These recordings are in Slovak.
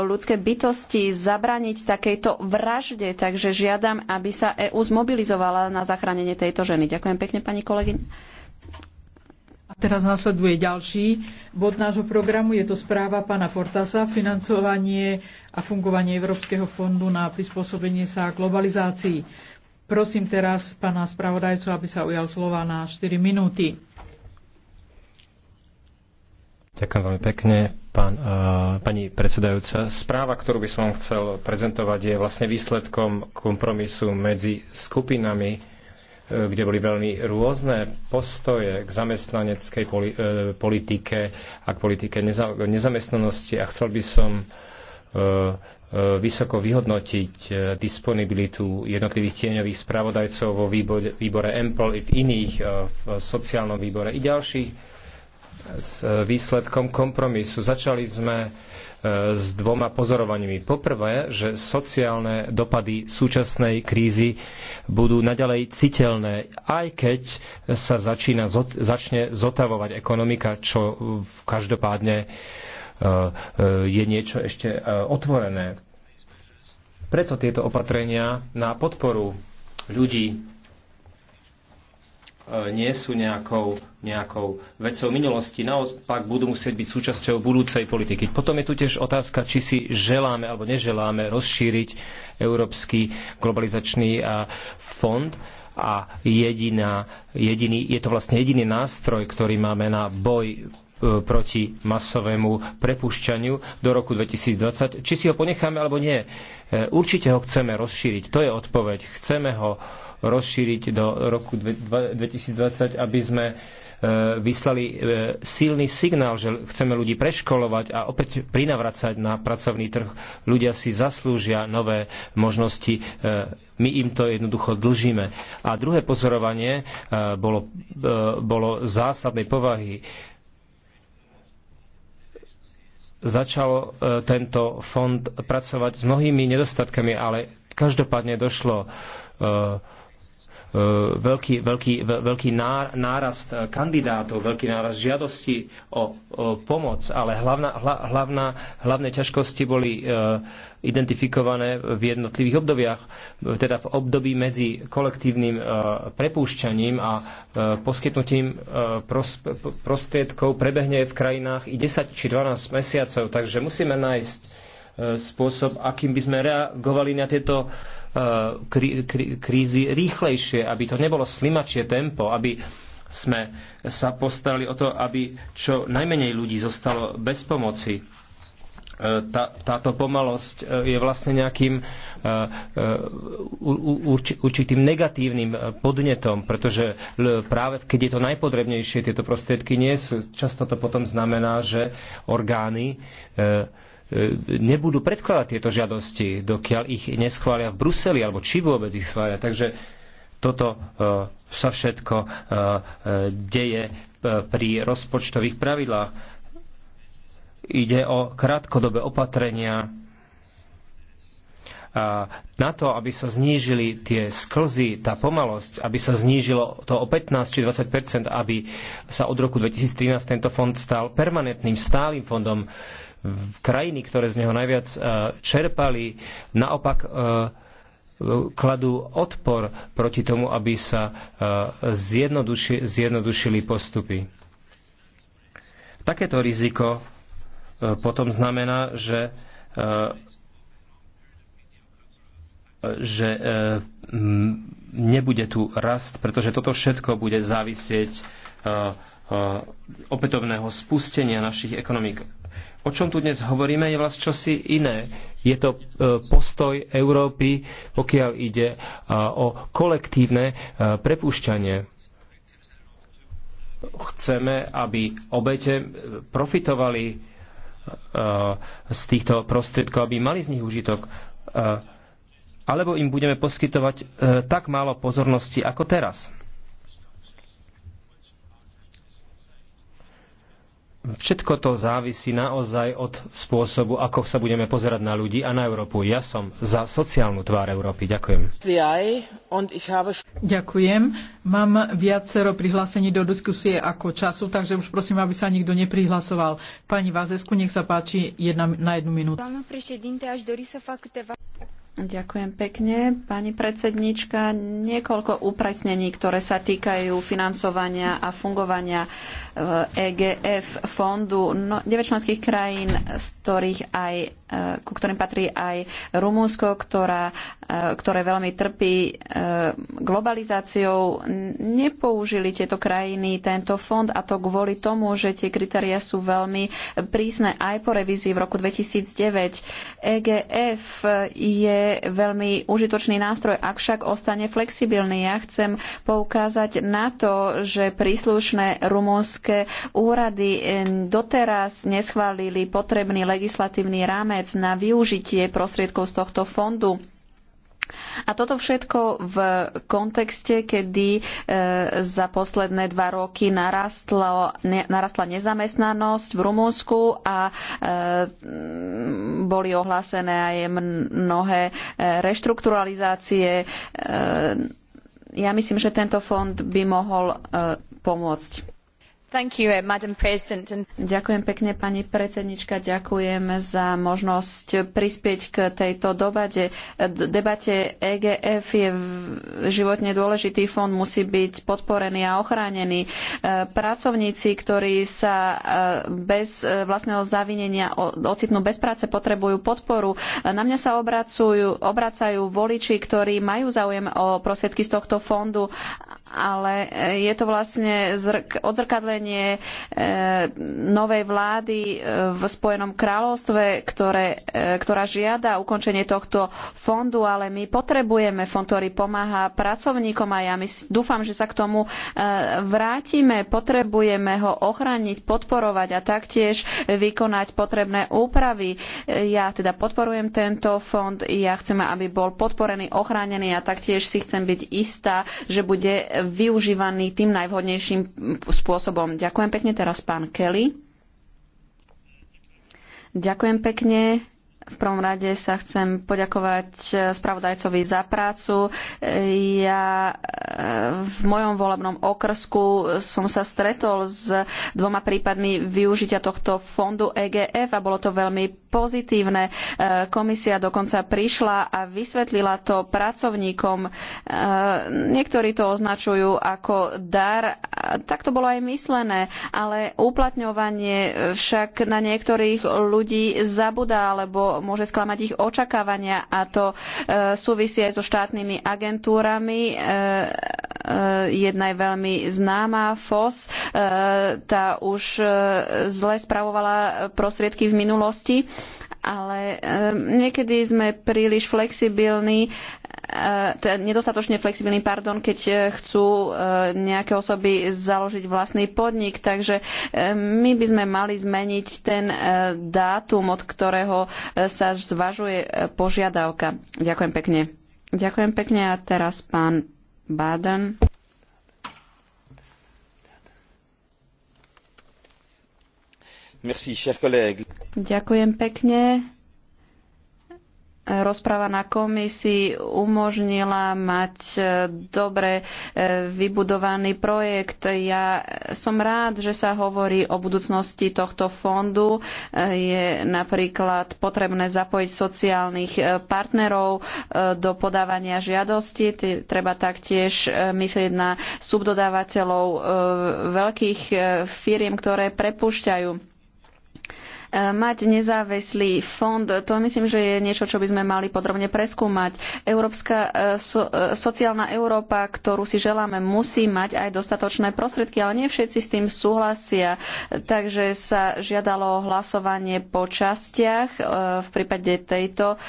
ľudské bytosti zabrániť takejto vražde. Takže žiadam, aby sa EÚ zmobilizovala na zachránenie tejto ženy. Ďakujem pekne, pani kolegyňa. A teraz nasleduje ďalší bod nášho programu. Je to správa pána Fortasa, financovanie a fungovanie Európskeho fondu na prispôsobenie sa globalizácii. Prosím teraz pána spravodajcu, aby sa ujal slova na 4 minúty. Ďakujem veľmi pekne. Pán, uh, pani predsedajúca, správa, ktorú by som chcel prezentovať, je vlastne výsledkom kompromisu medzi skupinami, eh, kde boli veľmi rôzne postoje k zamestnaneckej poli- eh, politike a k politike neza- nezamestnanosti. A chcel by som vysoko vyhodnotiť disponibilitu jednotlivých tieňových spravodajcov vo výbore, výbore EMPL i v iných, v sociálnom výbore i ďalších s výsledkom kompromisu. Začali sme e, s dvoma pozorovaniami. Poprvé, že sociálne dopady súčasnej krízy budú naďalej citeľné, aj keď sa začína, začne zotavovať ekonomika, čo každopádne e, e, je niečo ešte otvorené. Preto tieto opatrenia na podporu ľudí E, nie sú nejakou, nejakou vecou minulosti, naopak budú musieť byť súčasťou budúcej politiky. Potom je tu tiež otázka, či si želáme alebo neželáme rozšíriť Európsky globalizačný e, fond a jediná, jediný, je to vlastne jediný nástroj, ktorý máme na boj e, proti masovému prepušťaniu do roku 2020. Či si ho ponecháme alebo nie? Určite ho chceme rozšíriť. To je odpoveď. Chceme ho rozšíriť do roku 2020, aby sme e, vyslali e, silný signál, že chceme ľudí preškolovať a opäť prinavracať na pracovný trh. Ľudia si zaslúžia nové možnosti. E, my im to jednoducho dlžíme. A druhé pozorovanie bolo, bolo zásadnej povahy začal tento fond pracovať s mnohými nedostatkami, ale každopádne došlo E, veľký, veľký, veľký nárast e, kandidátov, veľký nárast žiadosti o, o pomoc, ale hlavná, hlavná, hlavné ťažkosti boli e, identifikované v jednotlivých obdobiach, teda v období medzi kolektívnym prepúšťaním a poskytnutím prostriedkov prebehne v krajinách i 10 či 12 mesiacov, takže musíme nájsť spôsob, akým by sme reagovali na tieto uh, krí, eh, krí, krízy rýchlejšie, aby to nebolo slimačie tempo, aby sme sa postarali o to, aby čo najmenej ľudí zostalo bez pomoci. Eh, tá, táto pomalosť eh, je vlastne nejakým určitým negatívnym podnetom, pretože práve keď je to najpodrebnejšie, tieto prostriedky nie sú. Často to potom znamená, že orgány E, nebudú predkladať tieto žiadosti, dokiaľ ich neschvália v Bruseli, alebo či vôbec ich schvália. Takže toto e, sa všetko e, deje pri rozpočtových pravidlách. Ide o krátkodobé opatrenia na to, aby sa znížili tie sklzy, tá pomalosť, aby sa znížilo to o 15 či 20 aby sa od roku 2013 tento fond stal permanentným stálym fondom krajiny, ktoré z neho najviac e, čerpali, naopak e, kladú odpor proti tomu, aby sa e, zjednoduši, zjednodušili postupy. Takéto riziko potom znamená, že že nebude tu rast, pretože toto všetko bude závisieť Eh, opätovného spustenia našich ekonomík. O čom tu dnes hovoríme je vlastne čosi iné. Je to eh, postoj Európy, pokiaľ ide eh, o kolektívne prepúšťanie. Chceme, aby obete profitovali z týchto prostriedkov, aby mali z nich užitok. Alebo im budeme poskytovať tak málo pozornosti ako teraz. všetko to závisí naozaj od spôsobu, ako sa budeme pozerať na ľudí a na Európu. Ja som za sociálnu tvár Európy. Ďakujem. Ďakujem. Mám viacero prihlásení do diskusie ako času, takže už prosím, aby sa nikto neprihlasoval. Pani Vázesku, nech sa páči jedna, na jednu minútu. Ďakujem pekne. Pani predsednička, niekoľko upresnení, ktoré sa týkajú financovania a fungovania EGF eh, e fondu. No, 9 členských krajín, z ktorých aj, eh, ku ktorým patrí aj Rumúnsko, ktorá E, ktoré veľmi trpí e, globalizáciou, nepoužili tieto krajiny tento fond a to kvôli tomu, že tie kritéria sú veľmi prísne aj po revízii v roku 2009. EGF je veľmi užitočný nástroj, ak však ostane flexibilný. Ja chcem poukázať na to, že príslušné rumúnske úrady e, doteraz neschválili potrebný legislatívny rámec na využitie prostriedkov z tohto fondu. A toto všetko v kontexte, kedy e, za posledné dva roky narastla, narastla nezamestnanosť v Rumunsku a e, boli ohlásené aj mnohé e, reštrukturalizácie. Ja myslím, že tento fond by mohol pomôcť. Eh, ďakujem pekne, pani predsednička. Ďakujem za možnosť prispieť k tejto debate. debate EGF je životne dôležitý fond, musí byť podporený a ochránený. E, pracovníci, ktorí sa e, bez e, vlastného zavinenia ocitnú bez práce, potrebujú podporu. Na mňa sa obracujú, obracajú voliči, ktorí majú záujem o prostriedky z tohto fondu ale e, je to vlastne odzrkadlenie e, novej vlády e, v Spojenom kráľovstve, ktoré, ktorá žiada ukončenie tohto fondu, ale my potrebujeme fond, ktorý pomáha pracovníkom a ja my dúfam, že sa k tomu vrátime. Potrebujeme ho ochraniť, podporovať a taktiež vykonať potrebné úpravy. Ja teda podporujem tento fond, ja chcem, aby bol podporený, ochránený a taktiež si chcem byť istá, že bude využívaný tým najvhodnejším spôsobom. Ďakujem pekne teraz pán Kelly. Ďakujem pekne. V prvom rade sa chcem poďakovať e, spravodajcovi za prácu. E, ja e, v mojom volebnom okrsku som sa stretol s dvoma prípadmi využitia tohto fondu EGF a bolo to veľmi pozitívne. Komisia dokonca prišla a vysvetlila to pracovníkom. Niektorí to označujú ako dar tak to bolo aj myslené, ale uplatňovanie však na niektorých ľudí zabudá alebo môže sklamať ich očakávania a to e, súvisí aj so štátnymi agentúrami. E, e, jedna je veľmi známa, FOS, tá už zle spravovala prostriedky v minulosti ale niekedy sme príliš flexibilní teda nedostatočne flexibilný pardon, keď eh, chcú eh, nejaké osoby založiť vlastný podnik. Takže my by sme mali zmeniť ten dátum, od ktorého sa zvažuje požiadavka. Ďakujem pekne. Ďakujem pekne a teraz pán Baden. Merci, cher collègue. Ďakujem pekne rozpráva na komisii umožnila mať e, dobre e, vybudovaný projekt. Ja som rád, že sa hovorí o budúcnosti tohto fondu. E, je napríklad potrebné zapojiť sociálnych partnerov do podávania žiadosti. Treba taktiež myslieť na subdodávateľov veľkých firiem, ktoré prepušťajú mať nezávislý fond, to myslím, že je niečo, čo by sme mali podrobne preskúmať. Európska e, so, e, sociálna Európa, ktorú si želáme, musí mať aj dostatočné prostriedky, ale nie všetci s tým súhlasia. Takže sa žiadalo hlasovanie po častiach. E, v prípade tejto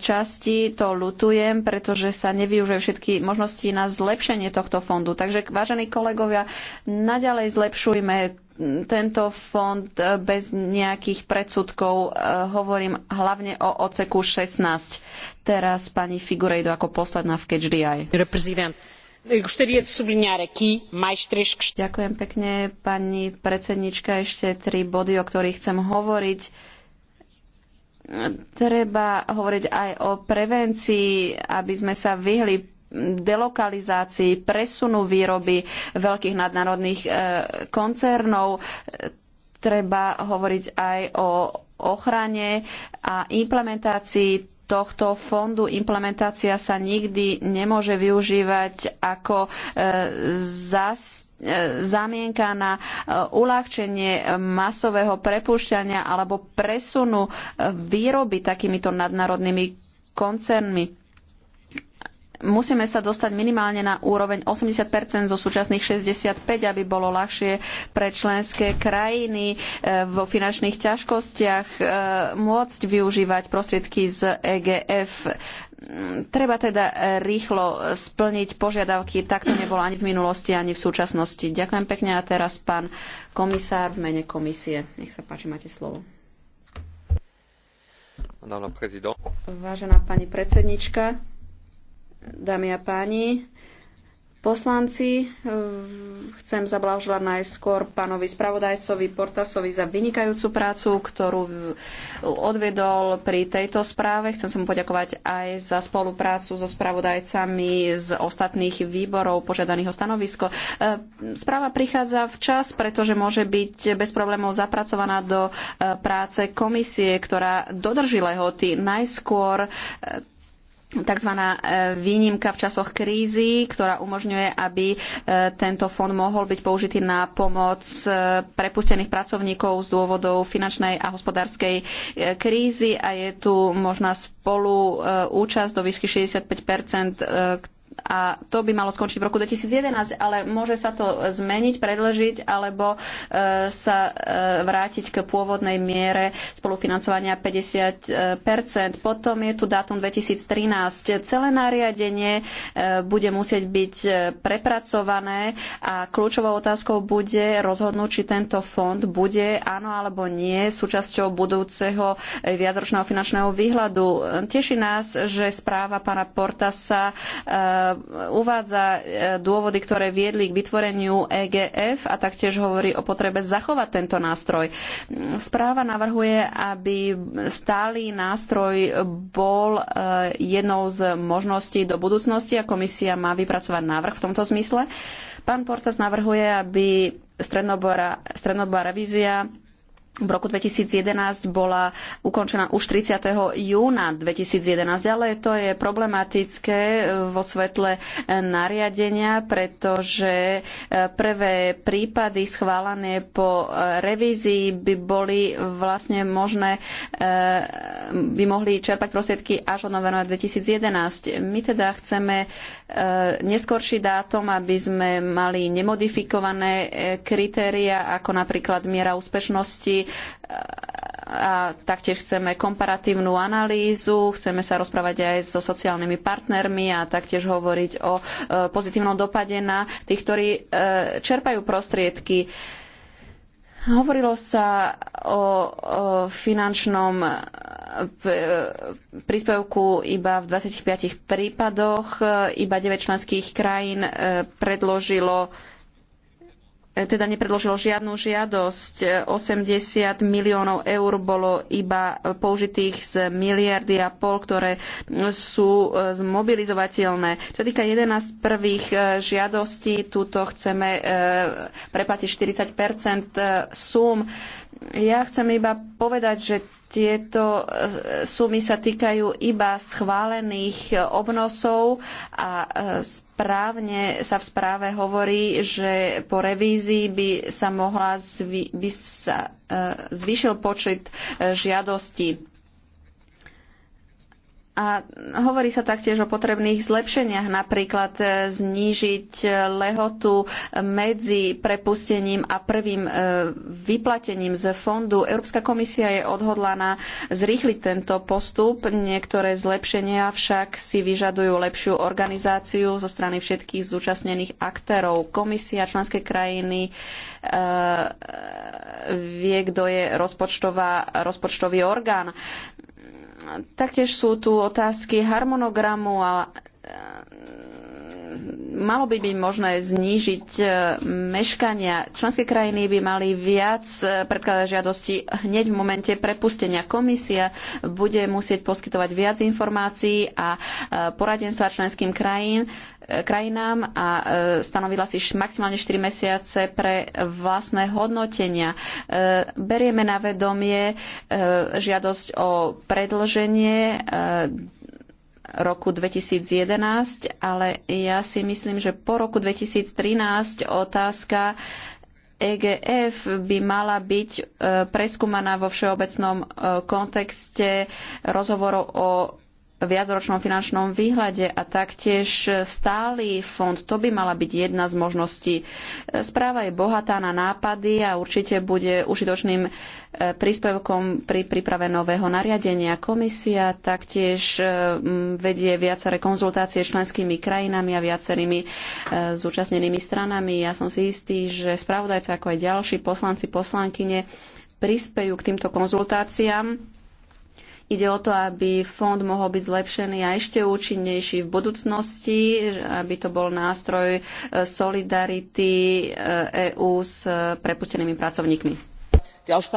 časti to lutujem, pretože sa nevyužuje všetky možnosti na zlepšenie tohto fondu. Takže, vážení kolegovia, naďalej zlepšujme tento fond e, bez nejakých predsudkov. E, hovorím hlavne o oceku 16. Teraz pani Figurejdo ako posledná v Catch Ďakujem pekne, pani predsednička. Ešte tri body, o ktorých chcem hovoriť. Treba hovoriť aj o prevencii, aby sme sa vyhli delokalizácii, presunu výroby veľkých nadnárodných e, koncernov. Treba hovoriť aj o ochrane a implementácii tohto fondu implementácia sa nikdy nemôže využívať ako e, zas e, zamienka na uľahčenie masového prepúšťania alebo presunu výroby takýmito nadnárodnými koncernmi musíme sa dostať minimálne na úroveň 80 zo súčasných 65, aby bolo ľahšie pre členské krajiny e, vo finančných ťažkostiach e, môcť využívať prostriedky z EGF. Treba teda e, rýchlo splniť požiadavky, tak to nebolo ani v minulosti, ani v súčasnosti. Ďakujem pekne a teraz pán komisár v mene komisie. Nech sa páči, máte slovo. Vážená pani predsednička, dámy a páni, poslanci. Eh, chcem zablahoželať najskôr pánovi spravodajcovi Portasovi za vynikajúcu prácu, ktorú eh, odvedol pri tejto správe. Chcem sa mu poďakovať aj za spoluprácu so spravodajcami z ostatných výborov požiadaných o stanovisko. Eh, správa prichádza včas, pretože môže byť bez problémov zapracovaná do práce komisie, ktorá dodrží lehoty najskôr tzv. E, výnimka v časoch krízy, ktorá umožňuje, aby e, tento fond mohol byť použitý na pomoc e, prepustených pracovníkov z dôvodov finančnej a hospodárskej krízy a je tu možná spolu účasť do výšky 65 a to by malo skončiť v roku 2011, ale môže sa to zmeniť, predlžiť alebo e, sa e, vrátiť k pôvodnej miere spolufinancovania 50 Potom je tu dátum 2013. Celé nariadenie e, bude musieť byť prepracované a kľúčovou otázkou bude rozhodnúť, či tento fond bude áno alebo nie súčasťou budúceho viacročného finančného výhľadu. Teší nás, že správa pána Portasa Eh, uvádza eh, dôvody, ktoré viedli k vytvoreniu EGF a taktiež hovorí o potrebe zachovať tento nástroj. Správa navrhuje, aby stály nástroj bol eh, jednou z možností do budúcnosti a komisia má vypracovať návrh v tomto zmysle. Pán Portas navrhuje, aby strednobora, revízia v roku 2011 bola ukončená už 30. júna 2011, ale to je problematické e, vo svetle e, nariadenia, pretože e, prvé prípady schválené po revízii by boli vlastne možné by mohli čerpať prostriedky až od novembra 2011. My teda chceme e, neskorší dátum, aby sme mali nemodifikované e, kritéria, ako napríklad miera úspešnosti e, a taktiež chceme komparatívnu analýzu, chceme sa rozprávať aj so sociálnymi partnermi a taktiež hovoriť o pozitívnom dopade na tých, ktorí čerpajú prostriedky. Hovorilo sa o, o finančnom E, príspevku iba v 25 prípadoch. E, iba 9 členských krajín e, predložilo teda nepredložilo žiadnu žiadosť. 80 miliónov eur bolo iba použitých z miliardy a pol, ktoré sú zmobilizovateľné. Čo týka 11 prvých žiadostí, túto chceme preplatiť 40 sum. Ja chcem iba povedať, že tieto e, sumy sa týkajú iba schválených e, obnosov a e, správne sa v správe hovorí, že po revízii by sa mohla zvy, by sa, zvýšil počet žiadostí a hovorí sa taktiež o potrebných zlepšeniach, napríklad e, znížiť e, lehotu medzi prepustením a prvým e, vyplatením z fondu. Európska komisia je odhodlaná zrýchliť tento postup. Niektoré zlepšenia však si vyžadujú lepšiu organizáciu zo strany všetkých zúčastnených aktérov. Komisia, členské krajiny vie, kto je rozpočtová rozpočtový orgán Taktiež sú tu otázky harmonogramu a malo by byť možné znížiť e, meškania. Členské krajiny by mali viac e, predkladať žiadosti hneď v momente prepustenia. Komisia bude musieť poskytovať viac informácií a e, poradenstva členským krajín, krajinám a stanovila si maximálne 4 mesiace pre vlastné hodnotenia. Berieme na vedomie žiadosť o predlženie roku 2011, ale ja si myslím, že po roku 2013 otázka EGF by mala byť e, preskúmaná vo všeobecnom e, kontexte rozhovorov o viacročnom finančnom výhľade a taktiež stály fond. To by mala byť jedna z možností. Správa je bohatá na nápady a určite bude užitočným e, príspevkom pri príprave nového nariadenia. Komisia taktiež e, vedie viaceré konzultácie s členskými krajinami a viacerými e, zúčastnenými stranami. Ja som si istý, že spravodajca ako aj ďalší poslanci, poslankyne prispejú k týmto konzultáciám Ide o to, aby fond mohol byť zlepšený a ešte účinnejší v budúcnosti, aby to bol nástroj e, solidarity EÚ e s e, prepustenými pracovníkmi.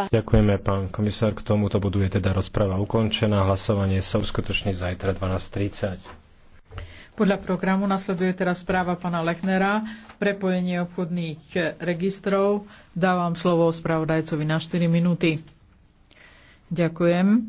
Ďakujeme, pán komisár. K tomuto bodu je teda rozprava ukončená. Hlasovanie sa uskutoční zajtra 12.30. Podľa programu nasleduje teraz správa pána Lechnera, prepojenie obchodných registrov. Dávam slovo spravodajcovi na 4 minúty. Ďakujem.